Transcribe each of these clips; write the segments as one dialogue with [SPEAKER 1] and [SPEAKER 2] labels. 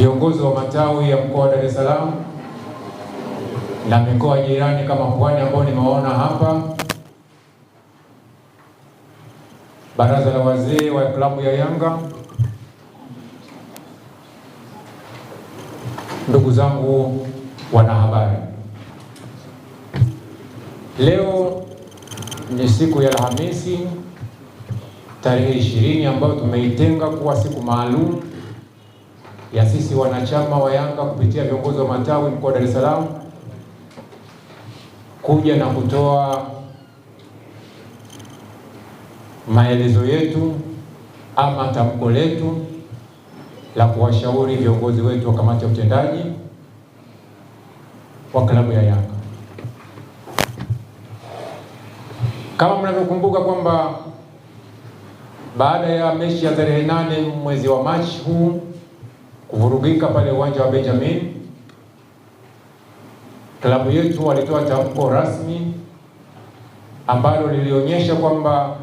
[SPEAKER 1] viongozi wa matawi ya mkoa wa Dar es Salaam na mikoa jirani kama Pwani ambao nimeona hapa, baraza la wazee wa klabu ya Yanga, ndugu zangu wanahabari, leo ni siku ya Alhamisi tarehe ishirini ambayo tumeitenga kuwa siku maalum ya sisi wanachama wa Yanga kupitia viongozi wa matawi mkoa wa Dar es Salaam kuja na kutoa maelezo yetu ama tamko letu la kuwashauri viongozi wetu wa kamati ya utendaji wa klabu ya Yanga. Kama mnavyokumbuka kwamba baada ya mechi ya tarehe nane mwezi wa Machi huu kuvurugika pale uwanja wa Benjamin. Klabu yetu walitoa tamko rasmi ambalo lilionyesha kwamba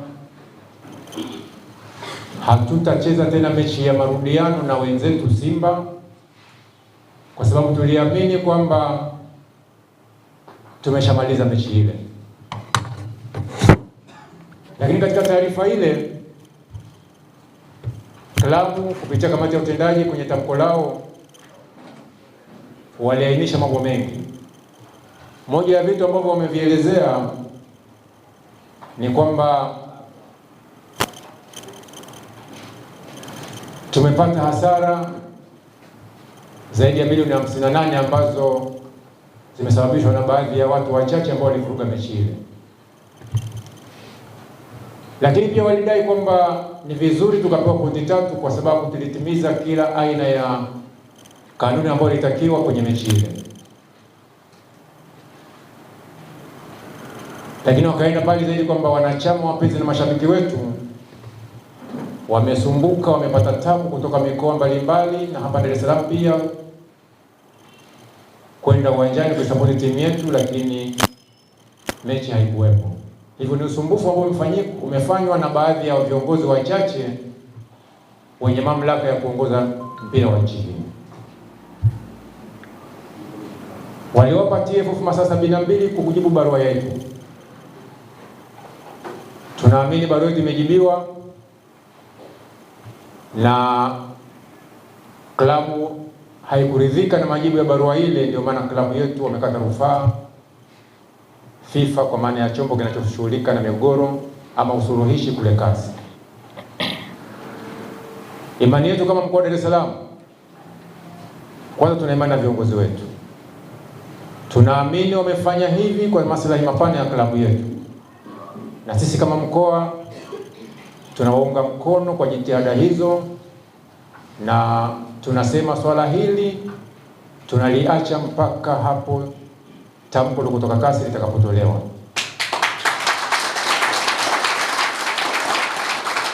[SPEAKER 1] hatutacheza tena mechi ya marudiano na wenzetu Simba kwa sababu tuliamini kwamba tumeshamaliza mechi ile, lakini katika taarifa ile klabu kupitia kamati ya utendaji kwenye tamko lao waliainisha mambo mengi. Moja ya vitu ambavyo wamevielezea ni kwamba tumepata hasara zaidi ya milioni 58 ambazo zimesababishwa na baadhi ya watu wachache ambao walivuruga mechi ile, lakini pia walidai kwamba ni vizuri tukapewa pointi tatu kwa sababu tulitimiza kila aina ya kanuni ambayo ilitakiwa kwenye mechi ile, lakini wakaenda mbali zaidi kwamba wanachama, wapenzi na mashabiki wetu wamesumbuka, wamepata tabu kutoka mikoa mbalimbali na hapa Dar es Salaam pia kwenda uwanjani kuisapoti timu yetu, lakini mechi haikuwepo. Hivyo ni usumbufu ambao umefanywa na baadhi ya viongozi wachache wenye mamlaka ya kuongoza mpira wa nchi hii. Waliwapa TFF masaa sabini na mbili kukujibu barua yetu. Tunaamini barua yetu imejibiwa na klabu haikuridhika na majibu ya barua ile, ndio maana klabu yetu wamekata rufaa FIFA kwa maana ya chombo kinachoshughulika na migogoro ama usuluhishi kule kazi. Imani yetu kama mkoa wa Dar es Salaam, kwanza tuna imani na viongozi wetu, tunaamini wamefanya hivi kwa maslahi mapana ya klabu yetu, na sisi kama mkoa tunawaunga mkono kwa jitihada hizo, na tunasema swala hili tunaliacha mpaka hapo tamko kutoka kasi litakapotolewa.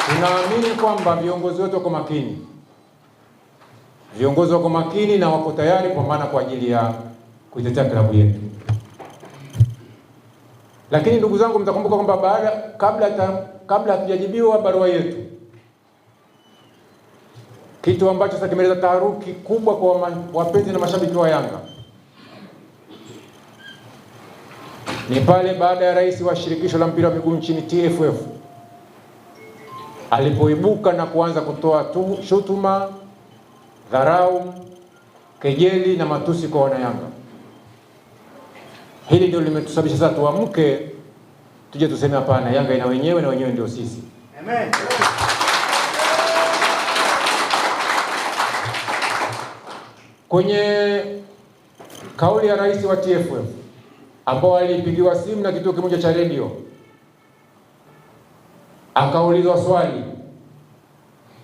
[SPEAKER 1] Tunaamini kwamba viongozi wetu wako makini, viongozi wako makini na wako tayari kupambana kwa ajili ya kuitetea klabu yetu. Lakini ndugu zangu, mtakumbuka kwamba baada kabla ta, kabla hatujajibiwa barua yetu, kitu ambacho sasa kimeleta taharuki kubwa kwa wapenzi na mashabiki wa Yanga ni pale baada ya rais wa shirikisho la mpira wa miguu nchini TFF alipoibuka na kuanza kutoa tu, shutuma, dharau, kejeli na matusi kwa wanayanga. Hili ndio limetusababisha sasa tuamke, tuje tuseme hapana, Yanga ina wenyewe na wenyewe ndio sisi. Amen. Kwenye kauli ya rais wa TFF ambao alipigiwa simu na kituo kimoja cha redio, akaulizwa swali,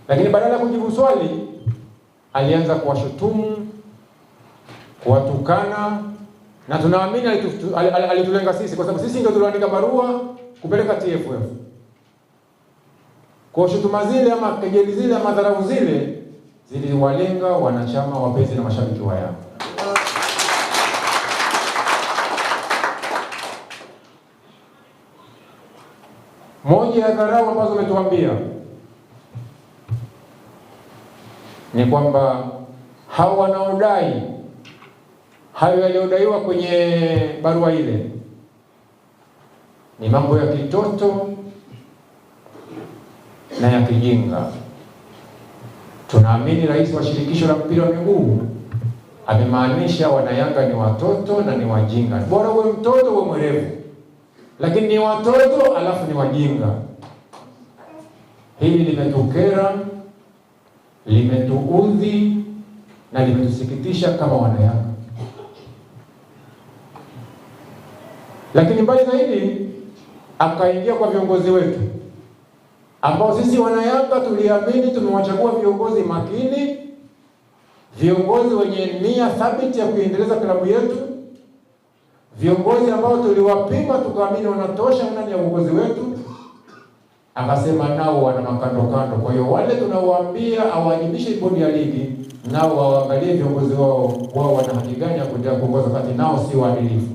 [SPEAKER 1] lakini badala ya kujibu swali alianza kuwashutumu, kuwatukana na tunaamini alitulenga sisi kwa sababu sisi ndio tuliandika barua kupeleka TFF. Kwa shutuma zile ama kejeli zile ama dharau zile ziliwalenga wanachama, wapenzi na mashabiki wa Yanga. Moja ya dharau ambazo umetuambia ni kwamba hao wanaodai hayo yaliyodaiwa kwenye barua ile ni mambo ya kitoto na ya kijinga. Tunaamini rais wa shirikisho la mpira wa miguu amemaanisha wanayanga ni watoto na ni wajinga. Bora uwe mtoto uwe mwerevu lakini ni watoto alafu ni wajinga. Hili limetukera, limetuudhi na limetusikitisha kama wanayanga. Lakini mbali zaidi, akaingia kwa viongozi wetu ambao sisi wanayanga tuliamini tumewachagua viongozi makini, viongozi wenye nia thabiti ya kuendeleza klabu yetu viongozi ambao tuliwapima tukaamini wanatosha ndani ya uongozi wetu, akasema nao wana makando kando. Kwa hiyo wale tunawaambia awajibishe bodi ya ligi, nao waangalie viongozi wao, wao wana haki gani ya kuendelea kuongoza kati nao si waadilifu.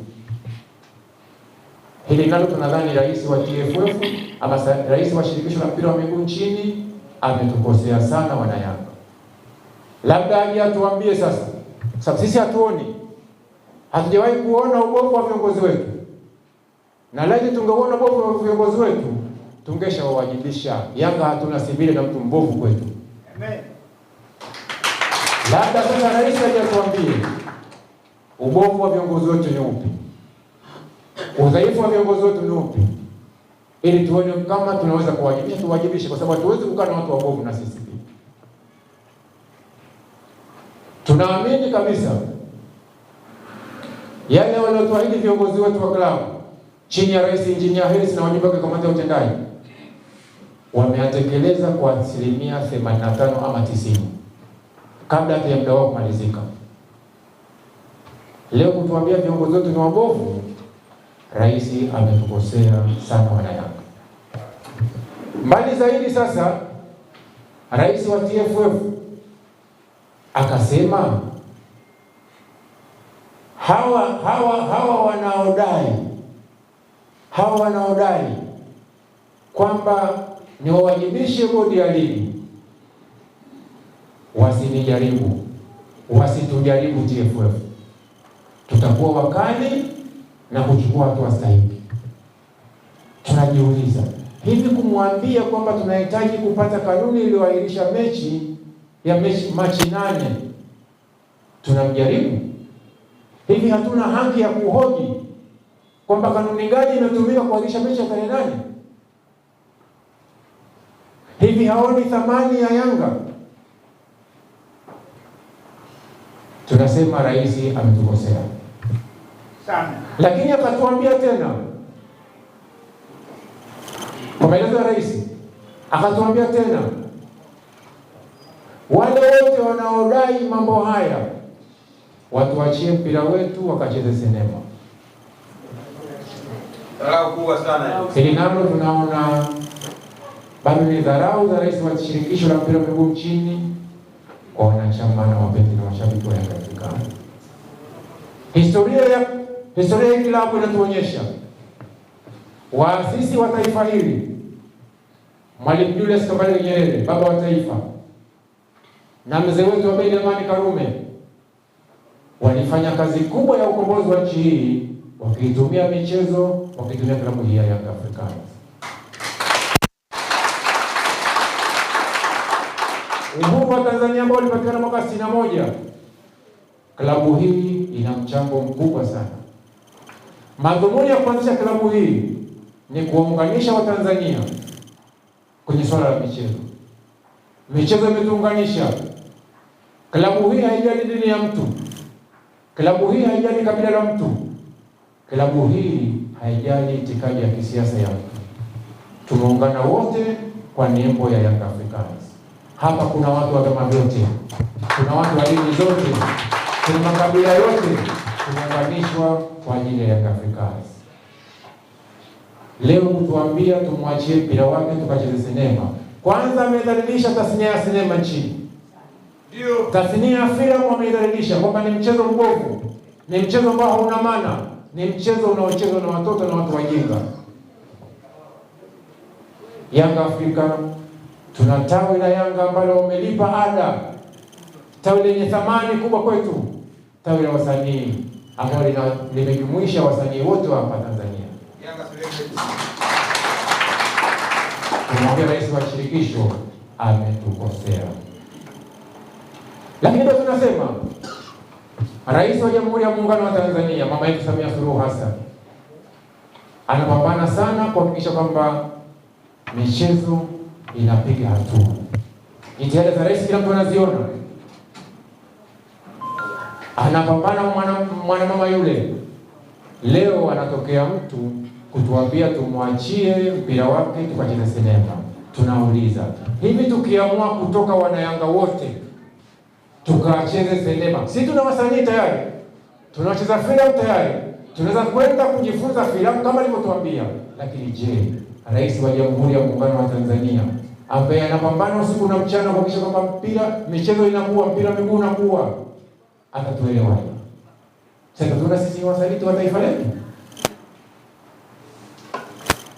[SPEAKER 1] Hili nalo tunadhani rais wa TFF ama rais wa shirikisho la mpira wa miguu nchini ametukosea sana Wanayanga, labda aje atuambie sasa, sababu sisi hatuoni Hatujawahi kuona ubovu wa viongozi wetu, na laiti tungeuona ubovu wa viongozi wetu tungeshawawajibisha. Yanga hatuna simile na mtu mbovu kwetu. Amen. Labda sasa rais ajatuambie ubovu wa viongozi wetu ni upi, udhaifu wa viongozi wetu ni upi, ili tuone kama tunaweza kuwajibisha, tuwajibishe, kwa sababu hatuwezi kukaa na watu wabovu. Na sisi pia tunaamini kabisa yale waliotuahidi viongozi wetu wa klabu chini ya Rais Injinia Harris na wajumbe wa kamati ya utendaji wameyatekeleza kwa asilimia 85 ama 90 kabla ya muda wao kumalizika. Leo kutuambia viongozi wetu ni wabovu, rais ametukosea sana wanayanga. Mbali zaidi sasa, rais wa TFF akasema hawa hawa hawa wanaodai hawa wanaodai kwamba ni wawajibishe bodi ya ligi, wasinijaribu, wasitujaribu TFF, tutakuwa wakali na kuchukua hatua stahiki. Tunajiuliza, hivi kumwambia kwamba tunahitaji kupata kanuni iliyoahirisha mechi ya mechi Machi nane tunamjaribu Hivi hatuna haki ya kuhoji kwamba kanuni gani inatumika kuagisha mechi ya tarehe nane? Hivi haoni thamani ya Yanga? Tunasema rais ametukosea sana, lakini akatuambia tena, kwa maelezo ya rais akatuambia tena, wale wote wanaodai mambo haya watuachie mpira wetu wakacheze sinema.
[SPEAKER 2] Dharau kubwa sana
[SPEAKER 1] hili nalo tunaona bado ni dharau za rais wa shirikisho la mpira wa miguu nchini kwa wanachama na wapenzi na mashabiki wa Yanga Afrika. Historia ya historia ya klabu inatuonyesha waasisi wa taifa hili Mwalimu Julius Kambarage Nyerere, baba wa taifa, na mzee wetu Abeid Amani Karume walifanya kazi kubwa ya ukombozi wa nchi hii wakitumia michezo, wakitumia klabu hii ya Young Africans. Uhuru wa Tanzania ambao ulipatikana mwaka sitini na moja, klabu hii ina mchango mkubwa sana. Madhumuni ya kuanzisha klabu hii ni kuwaunganisha Watanzania kwenye swala la michezo. Michezo imetuunganisha. Klabu hii haijali dini ya mtu, Klabu hii haijali kabila la mtu, klabu hii haijali itikadi ya kisiasa ya mtu. Tumeungana wote kwa nembo ya Young Africans. Hapa kuna watu wa vyama vyote, kuna watu wa dini zote, kuna makabila yote, tumeunganishwa kwa ajili ya Young Africans. Leo kutuambia tumwachie mpira wake tukacheze sinema, kwanza amedhalilisha tasnia ya sinema nchini Tasnia ya filamu wameidhalilisha kwamba ni mchezo mbovu, ni mchezo ambao hauna maana, ni mchezo unaochezwa na watoto na watu wajinga. Yanga Afrika tuna tawi la Yanga ambalo wamelipa ada, tawi lenye thamani kubwa kwetu, tawi la wasanii ambayo limejumuisha wasanii wote wa hapa Tanzania. Kumwambia rais wa shirikisho ametukosea. Lakini ndio tunasema Rais wa Jamhuri ya Muungano wa Tanzania mama yetu Samia Suluhu Hassan anapambana sana kuhakikisha kwamba michezo inapiga hatua. Jitihada za rais kila mtu anaziona, anapambana mwanamama mwana yule. Leo anatokea mtu kutuambia tumwachie mpira wake tukacheze sinema. Tunauliza, hivi tukiamua kutoka wanayanga wote tukacheze sinema. Si tuna wasanii tayari, tunacheza filamu tayari, tunaweza kwenda kujifunza filamu kama alivyotuambia. Lakini je, Rais wa Jamhuri ya Muungano wa Tanzania ambaye anapambana usiku na mchana kuhakikisha kwamba mpira michezo inakuwa mpira miguu unakuwa, atatuelewa? Sasa sisi ni wasaliti wa taifa letu.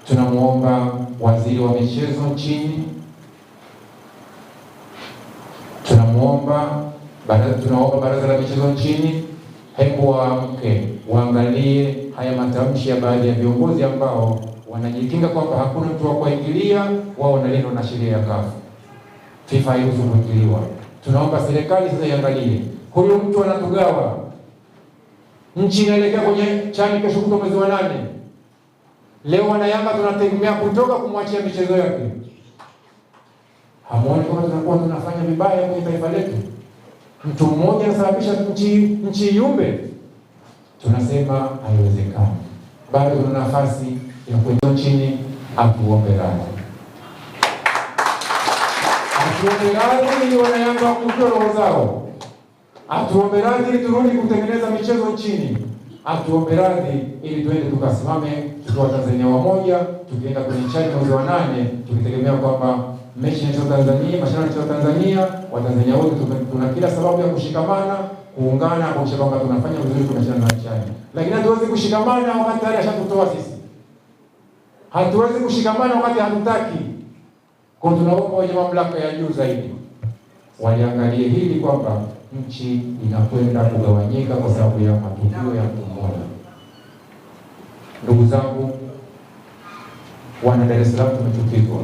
[SPEAKER 1] Tunamwomba waziri wa michezo nchini, tunamwomba tunaomba Baraza la Michezo nchini, hebu waamke, waangalie haya matamshi ya baadhi ya viongozi ambao wanajikinga kwamba hakuna mtu wa kuingilia, wao wanalindwa na sheria ya kafu. FIFA hairuhusu kuingiliwa. Tunaomba serikali sasa iangalie, huyu mtu anatugawa nchi, inaelekea kwenye chani kesho kutwa mwezi wa nane. Leo wanayanga tunategemea kutoka kumwachia michezo yake. Hamuoni kama tunakuwa tunafanya vibaya kwenye taifa letu? mtu mmoja anasababisha nchi nchi iyumbe, tunasema haiwezekani. Bado tuna nafasi ya kuenda chini atuombe radhi, atuombe radhi ili wanayanga wakujua roho zao, atuombe radhi ili turudi kutengeneza michezo nchini, atuombe radhi ili tuende tukasimame tukiwa Tanzania wamoja, tukienda kwenye Chad mwezi wa nane tukitegemea kwamba mechi ya Tanzania, mashindano ya Tanzania, Watanzania wote tuna kila sababu ya kushikamana, kuungana, sababu kwamba tunafanya vizuri kwa mashindano ya chani. Lakini hatuwezi kushikamana wakati tayari ashatutoa sisi. Hatuwezi kushikamana wakati hatutaki. Kwa tunaomba wenye mamlaka ya juu zaidi waliangalie hili kwamba nchi inakwenda kugawanyika kwa sababu ya matukio ya mtu mmoja. Ndugu zangu, wana Dar es Salaam tumechukizwa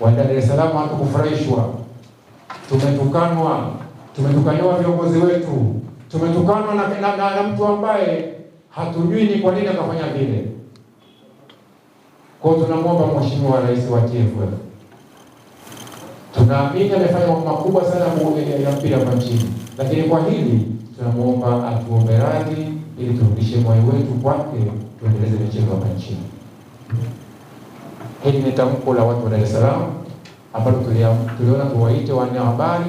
[SPEAKER 1] wa Dar es Salaam hatukufurahishwa, tumetukanwa, tumetukaniwa viongozi wetu, tumetukanwa na, na, na, na mtu ambaye hatujui ni kwa nini akafanya vile. Kwa tunamwomba Mheshimiwa Rais wa TFF, tunaamini amefanya mambo makubwa sana ya mpira hapa nchini, lakini kwa hili tunamwomba atuombe radhi ili turudishe moyo wetu kwake, tuendeleze michezo hapa nchini. Hili ni tamko la watu wa Dar es Salaam ambalo tuliona tuwaite habari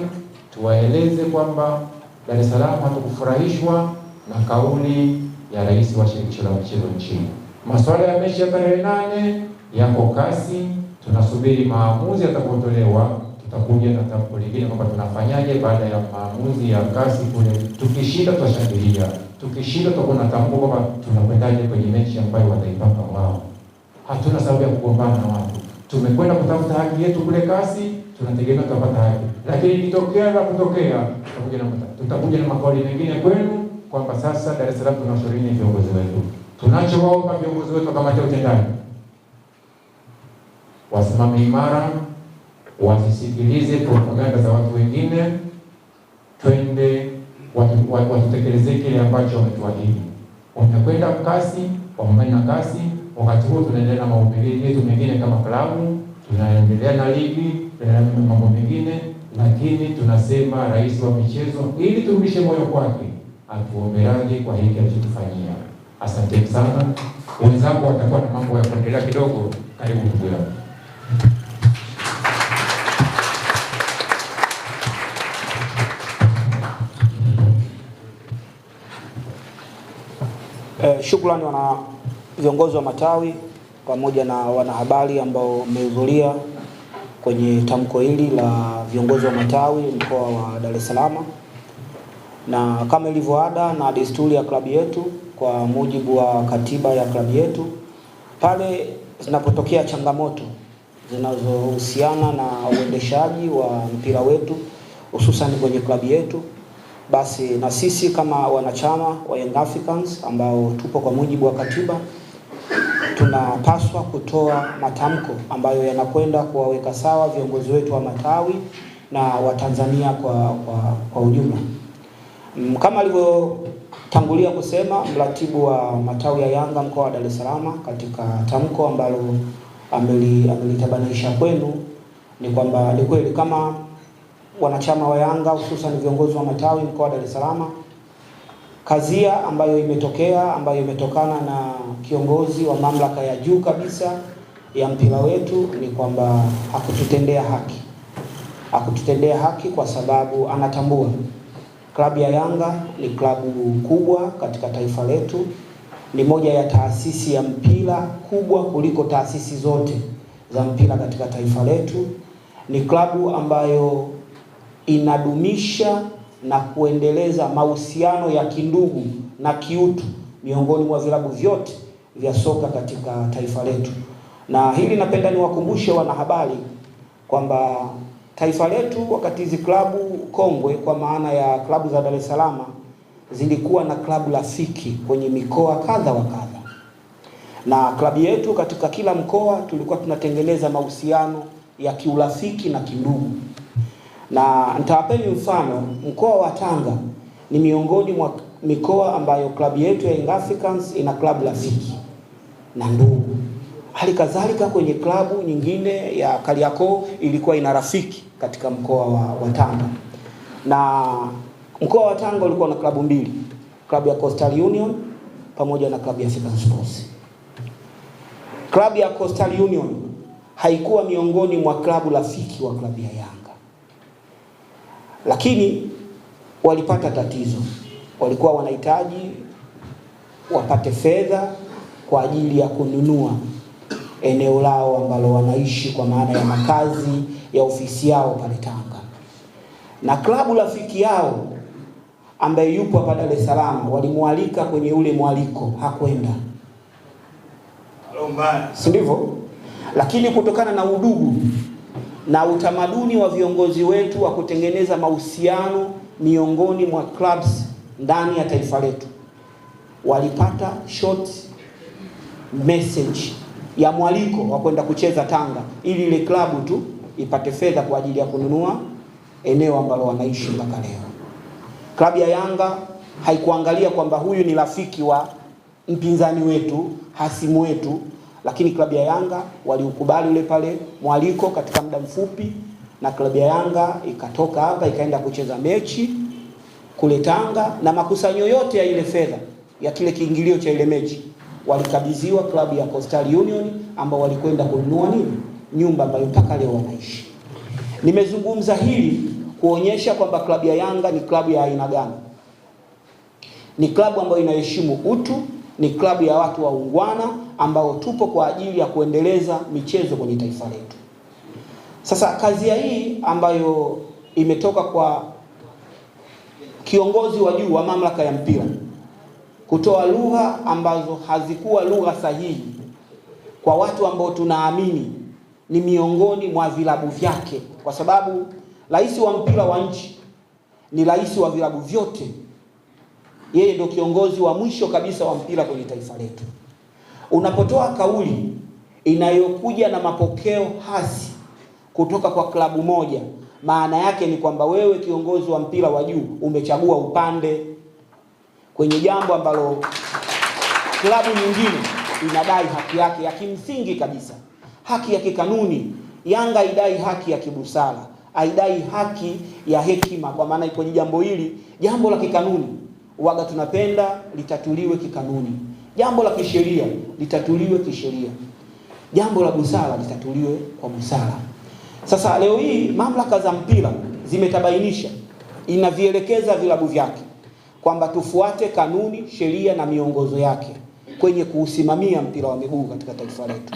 [SPEAKER 1] tuwaeleze kwamba Dar es Salaam hatukufurahishwa na kauli ya rais wa shirikisho la michezo nchini. Masuala ya mechi ya tarehe nane yako kasi, tunasubiri maamuzi yatakayotolewa. Tutakuja na tamko lingine kwamba tunafanyaje baada ya maamuzi ya kasi kule. Tukishinda tutashangilia, tukishinda tutakuwa na tamko kwamba tunakwendaje kwenye mechi ambayo wataipata wao hatuna sababu ya kugombana na watu. Tumekwenda kutafuta haki yetu kule kasi, tunategemea tutapata haki, lakini ikitokea na kutokea tutakuja na makauli mengine kwenu kwamba sasa Dar es Salaam tunashauriana viongozi wetu. Tunachowaomba viongozi wetu wa kamati ya utendaji wasimame imara, wasisikilize propaganda za watu wengine, twende watutekelezee kile ambacho wametuahidi. Wamekwenda kasi, wamefanya kasi Wakati huu tunaendelea na mahubiri yetu mengine kama klabu, tunaendelea na ligi, tunaendelea na mambo mengine, lakini tunasema rais wa michezo, ili turudishe moyo kwake, atuombeaje kwa hiki alichotufanyia. Asanteni sana wenzangu, watakuwa na mambo ya kuendelea kidogo. Karibu ndugu yangu. Eh, shukrani wana viongozi wa matawi pamoja na wanahabari ambao mmehudhuria kwenye tamko hili la viongozi wa matawi mkoa wa Dar es Salaam, na kama ilivyo ada na desturi ya klabu yetu, kwa mujibu wa katiba ya klabu yetu, pale zinapotokea changamoto zinazohusiana na uendeshaji wa mpira wetu hususan kwenye klabu yetu, basi na sisi kama wanachama wa Young Africans ambao tupo kwa mujibu wa katiba tunapaswa kutoa matamko ambayo yanakwenda kuwaweka sawa viongozi wetu wa matawi na Watanzania kwa, kwa, kwa ujumla. Mm, kama alivyotangulia kusema mratibu wa matawi ya Yanga mkoa wa Dar es Salaam katika tamko ambalo amelitabanisha kwenu, ni kwamba ni kweli kama wanachama wa Yanga hususan viongozi wa matawi mkoa wa Dar es Salaam, kazia ambayo imetokea ambayo imetokana na kiongozi wa mamlaka ya juu kabisa ya mpira wetu ni kwamba hakututendea haki, hakututendea haki kwa sababu anatambua klabu ya Yanga ni klabu kubwa katika taifa letu, ni moja ya taasisi ya mpira kubwa kuliko taasisi zote za mpira katika taifa letu, ni klabu ambayo inadumisha na kuendeleza mahusiano ya kindugu na kiutu miongoni mwa vilabu vyote vya soka katika taifa letu, na hili napenda niwakumbushe wanahabari kwamba taifa letu wakati hizi klabu kongwe kwa maana ya klabu za Dar es Salaam zilikuwa na klabu rafiki kwenye mikoa kadha wa kadha, na klabu yetu katika kila mkoa tulikuwa tunatengeneza mahusiano ya kiurafiki na kindugu, na nitawapeni mfano. Mkoa wa Tanga ni miongoni mwa mikoa ambayo klabu yetu ya Young Africans ina klabu rafiki na ndugu. Hali kadhalika kwenye klabu nyingine ya Kariakoo ilikuwa ina rafiki katika mkoa wa, wa Tanga na mkoa wa Tanga ulikuwa na klabu mbili, klabu ya Coastal Union pamoja na klabu ya African Sports. Klabu ya Coastal Union haikuwa miongoni mwa klabu rafiki wa klabu ya Yanga, lakini walipata tatizo, walikuwa wanahitaji wapate fedha kwa ajili ya kununua eneo lao ambalo wanaishi kwa maana ya makazi ya ofisi yao pale Tanga, na klabu rafiki yao ambaye yupo hapa Dar es Salaam walimwalika kwenye ule mwaliko, hakwenda, si ndivyo? Lakini kutokana na udugu na utamaduni wa viongozi wetu wa kutengeneza mahusiano miongoni mwa clubs ndani ya taifa letu walipata shoti message ya mwaliko wa kwenda kucheza Tanga ili ile klabu tu ipate fedha kwa ajili ya kununua eneo ambalo wanaishi mpaka leo. Klabu ya Yanga haikuangalia kwamba huyu ni rafiki wa mpinzani wetu, hasimu wetu, lakini klabu ya Yanga waliukubali ule pale mwaliko katika muda mfupi, na klabu ya Yanga ikatoka hapa ikaenda kucheza mechi kule Tanga, na makusanyo yote ya ile fedha ya kile kiingilio cha ile mechi walikabidhiwa klabu ya Coastal Union ambao walikwenda kununua nini, nyumba ambayo mpaka leo wanaishi. Nimezungumza hili kuonyesha kwamba klabu ya Yanga ni klabu ya aina gani. Ni klabu ambayo inaheshimu utu, ni klabu ya watu waungwana ambao tupo kwa ajili ya kuendeleza michezo kwenye taifa letu. Sasa kazi ya hii ambayo imetoka kwa kiongozi wa juu wa mamlaka ya mpira kutoa lugha ambazo hazikuwa lugha sahihi kwa watu ambao tunaamini ni miongoni mwa vilabu vyake, kwa sababu rais wa mpira wa nchi ni rais wa vilabu vyote. Yeye ndio kiongozi wa mwisho kabisa wa mpira kwenye taifa letu. Unapotoa kauli inayokuja na mapokeo hasi kutoka kwa klabu moja, maana yake ni kwamba wewe kiongozi wa mpira wa juu umechagua upande kwenye jambo ambalo klabu nyingine inadai haki yake ya kimsingi kabisa, haki ya kikanuni. Yanga idai haki ya kibusara, aidai haki ya hekima, kwa maana kwenye jambo hili, jambo la kikanuni waga tunapenda litatuliwe kikanuni, jambo la kisheria litatuliwe kisheria, jambo la busara litatuliwe kwa busara. Sasa leo hii mamlaka za mpira zimetabainisha, inavielekeza vilabu vyake kwamba tufuate kanuni, sheria na miongozo yake kwenye kuusimamia mpira wa miguu katika taifa letu.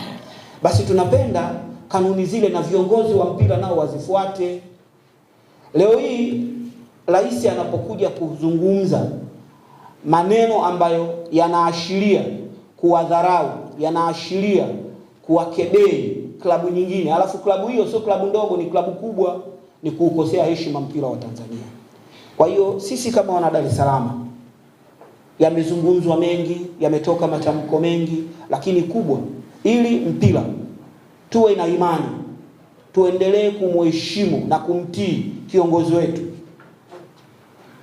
[SPEAKER 1] Basi tunapenda kanuni zile na viongozi wa mpira nao wazifuate. Leo hii rais anapokuja kuzungumza maneno ambayo yanaashiria kuwadharau, yanaashiria kuwakebei klabu nyingine, alafu klabu hiyo sio klabu ndogo, ni klabu kubwa, ni kuukosea heshima mpira wa Tanzania. Kwa hiyo sisi kama wana Dar es Salaam, yamezungumzwa mengi, yametoka matamko mengi, lakini kubwa, ili mpira tuwe na imani, tuendelee kumheshimu na kumtii kiongozi wetu,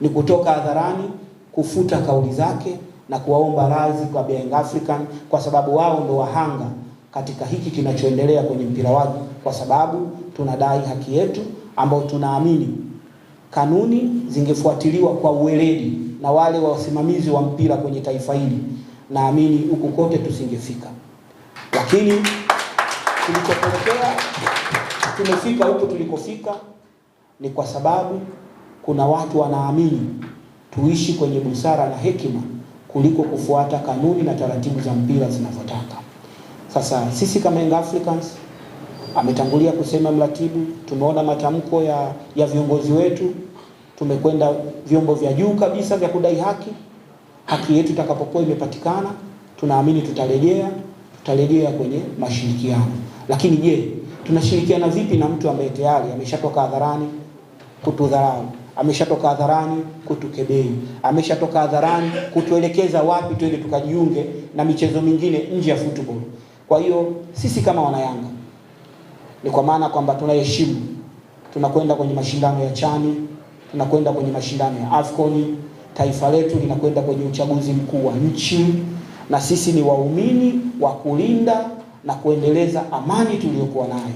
[SPEAKER 1] ni kutoka hadharani kufuta kauli zake na kuwaomba radhi kwa Young African kwa sababu wao ndio wahanga katika hiki kinachoendelea kwenye mpira wake, kwa sababu tunadai haki yetu ambayo tunaamini kanuni zingefuatiliwa kwa uweledi na wale wasimamizi wa mpira kwenye taifa hili, naamini huku kote tusingefika, lakini tulikopelekea tumefika huku tulikofika ni kwa sababu kuna watu wanaamini tuishi kwenye busara na hekima kuliko kufuata kanuni na taratibu za mpira zinavyotaka. Sasa sisi kama Young Africans ametangulia kusema mratibu, tumeona matamko ya, ya viongozi wetu, tumekwenda vyombo vya juu kabisa vya kudai haki. Haki yetu itakapokuwa imepatikana, tunaamini tutarejea tutarejea kwenye mashirikiano. Lakini je, tunashirikiana vipi na mtu ambaye tayari ameshatoka hadharani kutudharau, ameshatoka hadharani kutukebei, ameshatoka hadharani kutuelekeza wapi twende tukajiunge na michezo mingine nje ya football. Kwa hiyo sisi kama Wanayanga ni kwa maana kwamba tunaheshimu, tunakwenda kwenye mashindano ya Chani, tunakwenda kwenye mashindano ya Afcon, taifa letu linakwenda kwenye uchaguzi mkuu wa nchi, na sisi ni waumini wa kulinda na kuendeleza amani tuliyokuwa nayo.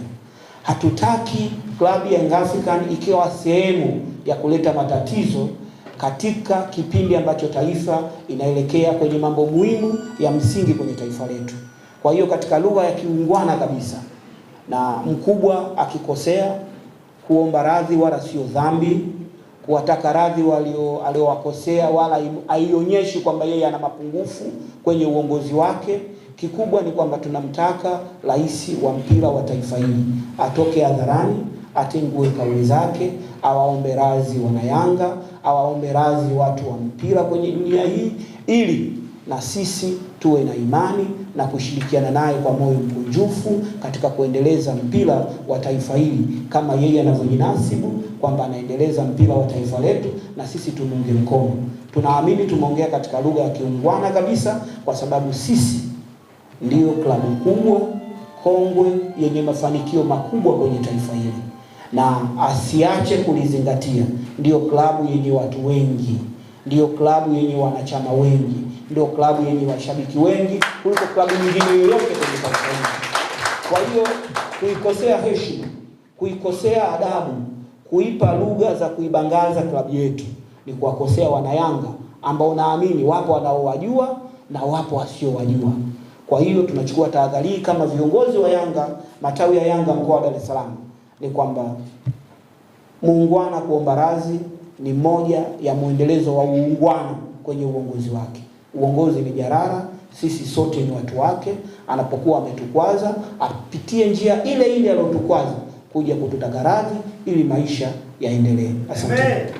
[SPEAKER 1] Hatutaki klabu ya Young African ikiwa sehemu ya kuleta matatizo katika kipindi ambacho taifa inaelekea kwenye mambo muhimu ya msingi kwenye taifa letu. Kwa hiyo katika lugha ya kiungwana kabisa na mkubwa akikosea kuomba radhi wala sio dhambi, kuwataka radhi aliowakosea wala aionyeshi kwamba yeye ana mapungufu kwenye uongozi wake. Kikubwa ni kwamba tunamtaka rais wa mpira wa taifa hili atoke hadharani, atengue kauli zake, awaombe radhi Wanayanga, awaombe radhi watu wa mpira kwenye dunia hii, ili na sisi tuwe na imani na kushirikiana naye kwa moyo mkunjufu katika kuendeleza mpira wa taifa hili kama yeye anavyojinasibu kwamba anaendeleza mpira wa taifa letu, na sisi tumuunge mkono. Tunaamini tumeongea katika lugha ya kiungwana kabisa, kwa sababu sisi ndiyo klabu kubwa kongwe yenye mafanikio makubwa kwenye taifa hili, na asiache kulizingatia. Ndiyo klabu yenye watu wengi, ndiyo klabu yenye wanachama wengi ndio klabu yenye washabiki wengi kuliko klabu nyingine yoyote kwenye Tanzania. Kwa hiyo kuikosea heshima, kuikosea adabu, kuipa lugha za kuibangaza klabu yetu ni kuwakosea wanayanga ambao naamini wapo wanaowajua na wapo wasiowajua. Kwa hiyo tunachukua tahadhari kama viongozi wa Yanga, matawi ya Yanga mkoa wa Dar es Salaam, ni kwamba muungwana kuomba radhi ni moja ya mwendelezo wa uungwana kwenye uongozi wake. Uongozi ni jarara, sisi sote ni watu wake. Anapokuwa ametukwaza, apitie njia ile ile aliyotukwaza kuja kututaga radhi ili maisha yaendelee. Asante.